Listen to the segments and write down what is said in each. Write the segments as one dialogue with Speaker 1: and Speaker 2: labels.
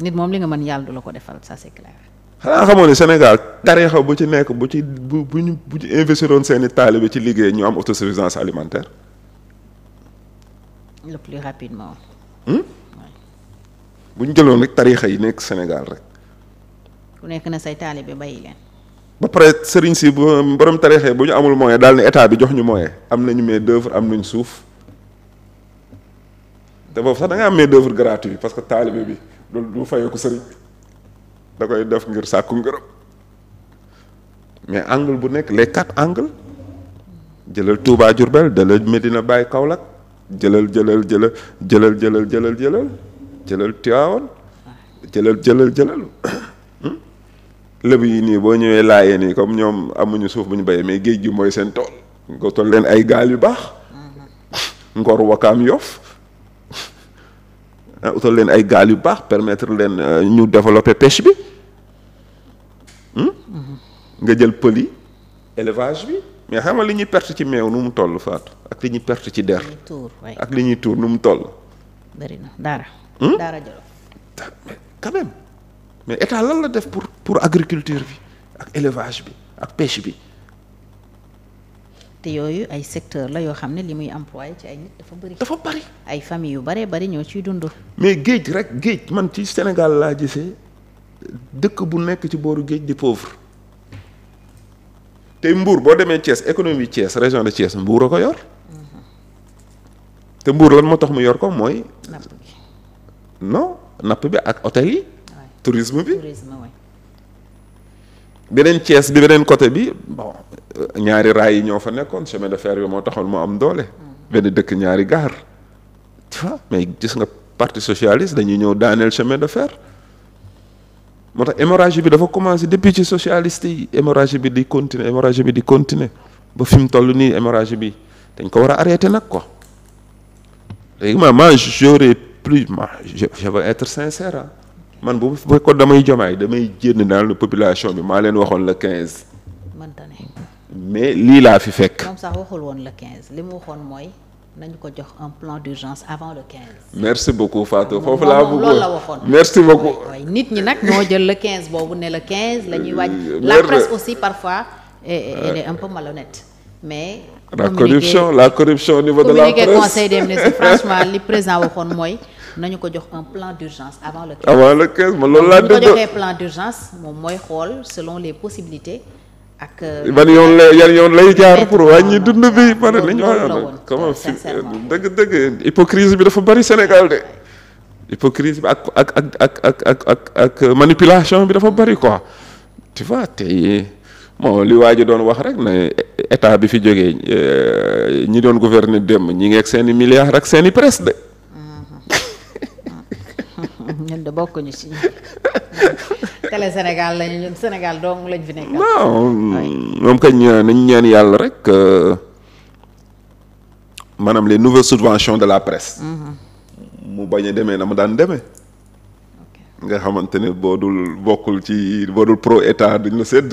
Speaker 1: nit moom li nga mën yàlla du la ko defal ça c'est clair.
Speaker 2: xanaa xamoo ne Sénégal tariixa bu ci nekk bu ci bu bu ñu bu ci investiroon seeni taalibe ci liggéey ñu am autosuffisance alimentaire.
Speaker 1: le plus rapidement.
Speaker 2: Hmm? bu ñu jëloon rek tariixa yi nekk Sénégal rek.
Speaker 1: ku nekk na say taalibe bàyyi leen.
Speaker 2: ba pare sëriñ si borom tariixa yi bu ñu amul moyen daal ne état bi jox ñu moyen am na nañu main d'œuvre am ñu suuf te boobu sax da nga am main d'œuvre gratuit parce que taalibe bi. du du ko sëriñ bi da koy def ngir sàkku ngërëm mais angle bu nekk les quatre angles jëlal jur Diourbel dalal Medina bàyyi Kaolack jëlal jëlal jëlal jëlal jëlal jëlal jëlal jëlal Tivaouane jëlal jëlal jëlal hmm? yi nii boo ñëwee laayee nii comme ñoom amuñu suuf bu ñu béyee mais géej gi mooy seen tool nga leen ay gaal yu baax ngor wakaam yof Euh, utal leen ay gaal yu baax permettre leen euh, ñu développer pêche bi hmm? mm-hmm. nga jël pël élevage bi mais xam nga li ñuy perte ci meew nu mu toll faatu ak li ñuy perte ci der ak li ñuy tuur nu mu toll
Speaker 1: bëri na hmm? mais quand même lan la def
Speaker 2: pour pour agriculture bi ak élevage bi ak pêche bi
Speaker 1: te yooyu ay secteur la yoo xam ne li muy employé ci ay nit dafa bëri.
Speaker 2: ay famille yu bëree bari ñoo ciy dund. mais géej rek géej man ci Sénégal laa gisee dëkk bu nekk ci booru géej di pauvre tey Mbour boo demee Thiès économie Thiès région de Thiès Mbour ko yor te Mbour lan moo tax mu yor ko mooy. napp bi napp bi ak hôtel yi. tourisme bi beneen cees bi beneen côté bi bon ñaari raay yi ñoo fa nekkoon chemin de fer bi moo taxoon moo am doole. Mm. benn dëkk ñaari gaar fa vois mais gis nga partie socialiste dañuy ñëw daaneel chemin de fer moo tax hémorragie bi dafa commencé depuis ci socialiste yi hémorragie bi di continuer hémorragie bi di continuer ba fi mu toll nii hémorragie bi dañ ko war a arrêter nag ko léegi ma ma j'aurais plus ma je, je vais man bu fekkoon damay jomaay damay jénn daal population bi maa leen waxoon le quinze. mënta ne. mais lii laa fi fekk.
Speaker 1: moom sax waxul woon le quinze li mu waxoon mooy nañu ko jox un plan d'urgence avant le quinze.
Speaker 2: merci beaucoup Fatou foofu laa bëggoon loolu la waxoon merci beaucoup.
Speaker 1: nit ñi nag moo jël la quinze boobu ne la quinze la ñuy wàññi. la presse aussi parfois elle est un peu mais. la corruption la
Speaker 2: corruption au niveau de la presse communiqué conseil des ministres franchement li
Speaker 1: président waxoon mooy nañu ko jox un plan d'urgence avant le. loolu laa dégg. bu ñu joxee plan d'urgence moom mooy xool selon les possibilités.
Speaker 2: ak ban yoon lay yan yoon lay jaar pour wàññi dund bi pare li ñu wax comment fi dëgg dëgg hypocrisie bi dafa bari Sénégal de hypocrisie bi ak ak ak ak ak ak ak manipulation bi dafa bari quoi tu vois tey bon li waa ji doon wax rek état bi fi jógee euh, ñi doon gouverner démb ñi ngeeg seen i milliards ak seen i presse moom kañ nañ ñaan yàlla rek euh, maanaam leen nouvelles subvention de la presse. Mm-hmm. mu bañ demee na mu daan deme nga xamante ne boo bokkul ci boo dul pro état duñ la sédd.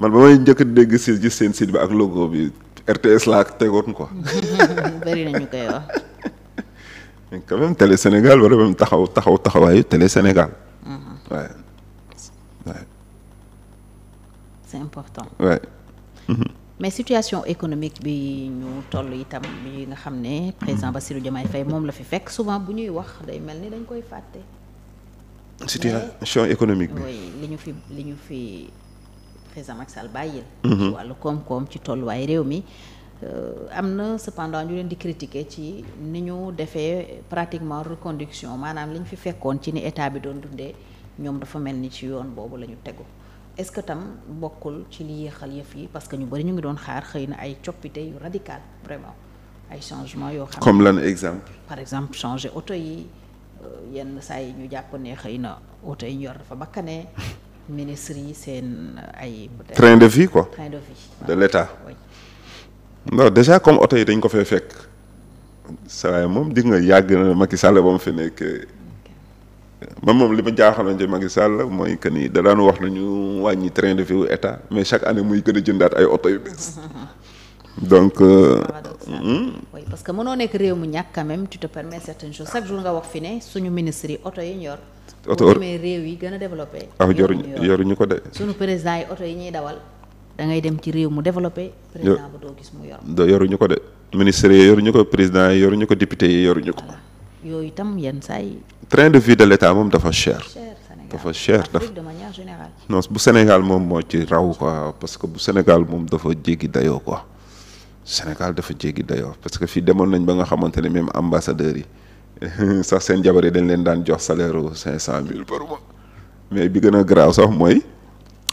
Speaker 2: man ba may njëkk dégg si gis seen site bi ak logo bi RTS laa tegoon quoi.
Speaker 1: bëri na koy wax.
Speaker 2: mais Télé Sénégal war a taxaw taxaw taxawaayu Télé Sénégal. waaw mhm. waaw. c'est important. waay.
Speaker 1: mais situation économique bi ñu toll itam bi nga xam ne président Bassirou Diomaye Faye moom la fi fekk souvent bu ñuy wax day mel ni dañ koy fàtte.
Speaker 2: situation économique bi oui
Speaker 1: li ñu fi li ñu fi. président Macky Sall bàyyil mhm. ci wàllu koom-koom ci tolluwaay réew mi euh, am na cependant ñu leen di critiquer ci ni ñu defee pratiquement reconduction maanaam li fi fekkoon ci ni état bi doon dundee ñoom dafa mel ni ci yoon boobu la ñu tegu est-ce que tam bokkul ci li yéexal yëf yi parce que ñu bari ñu ngi doon xaar xëy na ay coppite yu radical vraiment ay changement yoo xam comme lan exemple par exemple changer oto yi euh, yenn saa yi ñu jàpp ne xëy na oto ministre yi seen euh, ay. train de vie quoi. train de
Speaker 2: vie de l'État. non déjà comme oto yi dañ ko fay fekk saa waay moom dig nga yàgg na Macky Sall ba mu fi nekk man moom li ma jaaxaloon ci Macky Sall mooy que ni da daan wax nañu wàññi train de vie wu état mais chaque année muy gën a jëndaat ay oto yu bees. donc. Euh, mmh.
Speaker 1: oui parce que mënoo nekk réew mu ñàkk quand même tu te permets chaque jour nga wax fi ne suñu ministre yi oto yi ñor. oto boo demee réew yi gën a développé. ah yoruñu yoruñu ko de. sunu président yi oto yi ñuy dawal ci réew mu développé. président
Speaker 2: yoruñu ko de ministre yi yoruñu ko président yi yoruñu ko député yi yoruñu ko.
Speaker 1: yooyu itam yenn saa yi.
Speaker 2: train de vie de l' moom dafa cher. dafa cher dafa de manière générale. non bu Sénégal moom moo ci raw quoi parce que bu Sénégal moom dafa jéggi dayoo quoi Sénégal dafa jéggi dayoo parce que fii demoon nañ ba nga xamante ne même ambassadeurs yi. sax seen jabar yi dañ leen daan jox salaire cinq cent mille par mois mais bi gën a garaaw sax mooy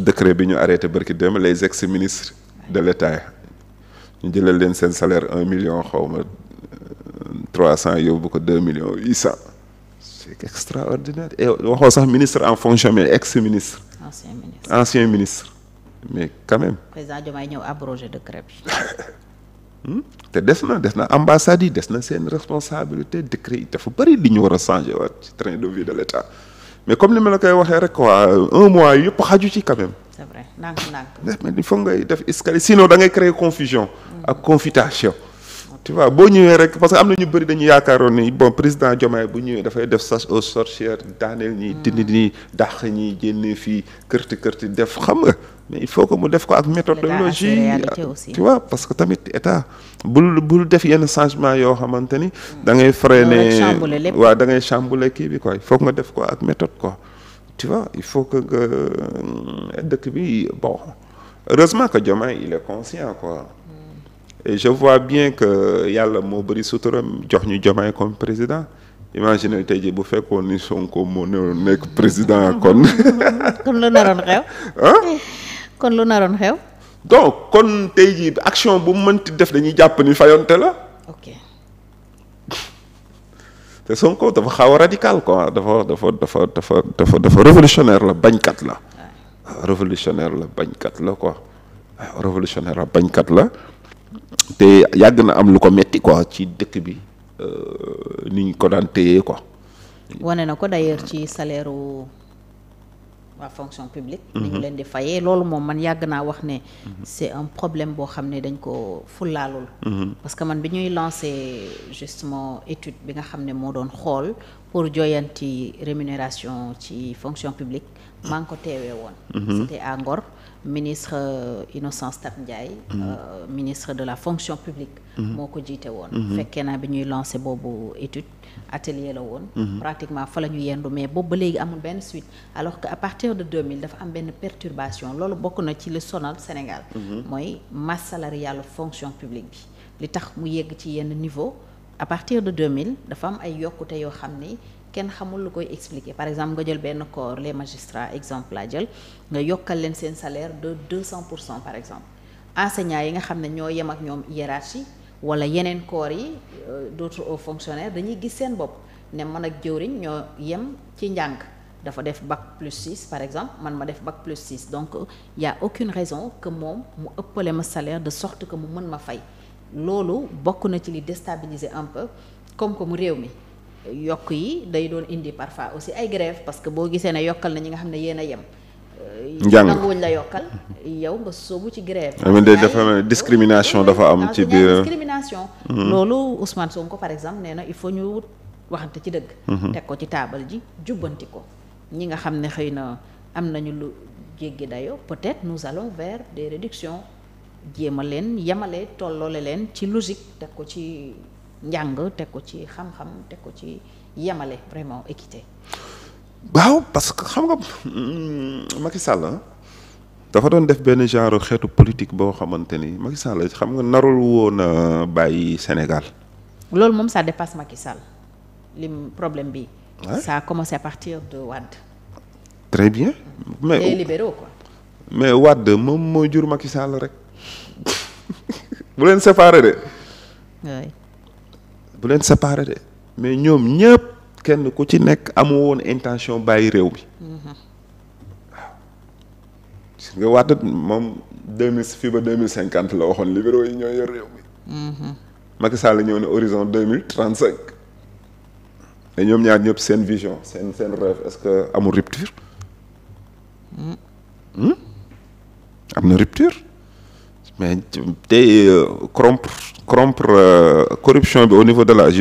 Speaker 2: décret bi ñu arrêté barki dem les ex ministre de l'état ñu jëlal leen seen salaire un million xaw ma euh, trois yow bu ko deux millions huit cent c'est waxoo sax ministre en fonction mais ex ministre. ancien ministre ancien ministre mais quand même.
Speaker 1: président Diomaye ñëw abrogé décret bi.
Speaker 2: Hmm? te des na des na ambassades yi des na seen responsabilité décret yi dafa bëri li ñu war a changé waat ci train de vie de l' état mais comme ni ma la koy waxee rek quoi un mois yëpp xaju ci quand même. c'
Speaker 1: est vrai ndànk ndànk
Speaker 2: ngay def escalier sinon da ngay créer confusion. ak confutation. tu vois boo ñëwee rek parce que am na ñu bëri dañu yaakaaroon ni bon président Diomaye bu ñëwee dafay def chasse aux sorcières daaneel ñi dindi nii hmm. dàq ñi génne fii kërti kërti def xam nga mais il faut que mu def ko ak méthodologie tu vois parce que tamit état bul bul def yenn changement yoo xamante ni hmm. da ngay freiner waaw da ngay chambouler kii bi quoi il faut nga def ko ak méthode quoi tu vois il faut que nga dëkk bi bon heureusement que Diomaye il est conscient quoi je vois bien que yàlla moo bari suturam jox ñu Diomaye comme président imagine tey jii bu fekkoon ni Sonko moo nekk président kon. kon lu naroon xew. ah
Speaker 1: kon lu naroon xew.
Speaker 2: donc kon tey jii action bu mu mënti def dañuy jàpp ni fayonte la. ok. te Sonko dafa xaw a radical quoi dafa dafa dafa dafa dafa dafa révolutionnaire la bañkat la. waaw la bañkat la quoi waaw la bañkat la. te yàgg na am lu ko metti quoi ci dëkk bi euh, ni ñu ko daan téye ko
Speaker 1: wane na ko d'ailleurs ci salaire waa fonction publique. Mhm. ni ñu leen di fayee loolu moom man yàgg naa wax ne. Mhm. c'est un problème boo xam ne dañ ko fulaalul. Mhm. parce que man bi ñuy lancé justement étude bi nga xam ne moo doon xool pour joyanti rémunération ci fonction publique maa ngi ko teewee woon mhm. c'était à Ngor ministre euh, Innocence Ntap Ndiaye mhm. euh, ministre de la fonction publique mhm. moo ko jiite woon fekkee naa bi ñuy lancé boobu étude atelier la woon pratiquement fa la ñu yendu mais boobu ba léegi amul benn suite alors que à partir de 2000 dafa am benn perturbation loolu bokk na ci li sonal Sénégal mooy masse salariale fonction publique bi li tax mu yegg ci yenn niveau à partir de deux mille dafa am ay yokkute yoo xam ni kenn xamul lu koy expliquer par exemple nga jël benn corps les magistrats exemple laa jël nga yokkal leen seen salaire de 200 pour cent par exemple enseignants yi nga xam ne ñoo yem ak ñoom hiérarchie wala yeneen corps yi euh, d'autres hauts fonctionnaires dañuy gis seen bopp ne mën ak jëwriñ ñoo yem ci njàng dafa def bac plus 6 par exemple man ma def bac plus 6 donc y a aucune raison que moom mu ëppale ma salaire de sorte que mu mën ma fay loolu bokk na ci li déstabiliser un peu comme que réew mi yokk yi day doon indi parfa aussi ay grève parce que boo gisee ne yokkal na ñi nga xam ne yéen a yem. njàng nanguwuñ la yokkal yow nga soobu ci grève. am ah, day dafa
Speaker 2: discrimination dafa am ci biir
Speaker 1: discrimination. Hmm. usman Ousmane ko par exemple nee na il faut ñu waxante ci dëgg. Hmm. teg ko ci taabal ji jubbanti ko ñi nga xam ne xëy na am nañu lu jéggi dayoo peut-être nous allons vers des réductions. jéem a leen yemale tolloole leen ci logique teg ko ci njàng teg ko ci xam-xam teg ko ci yemale vraiment équité.
Speaker 2: waaw parce que xam nga mm, Macky Sall dafa doon def benn genre xeetu politique boo xamante ni Macky Sall xam nga narul woon a bàyyi Sénégal. loolu moom ça
Speaker 1: dépasse Macky Sall lim problème bi. ça a commencé à partir de wadd
Speaker 2: très bien. mais les moom moo jur Macky rek. bu leen séparé de. bu leen séparé de mais ñoom ñëpp kenn ku ci nekk amu woon intention bàyyi réew mi mhm. waaw. gis nga waat moom deux mille fii cinquante la waxoon libéraux yi ñoo yor réew bi mhm. Macky Sall ñëw ne horizon de mille trente cinq. mais ñoom ñaar ñëpp seen vision seen seen est-ce que amul rupture. Mm. Hmm? am na rupture. mais tey euh, corrompre corrompre euh, corruption bi au niveau de la justice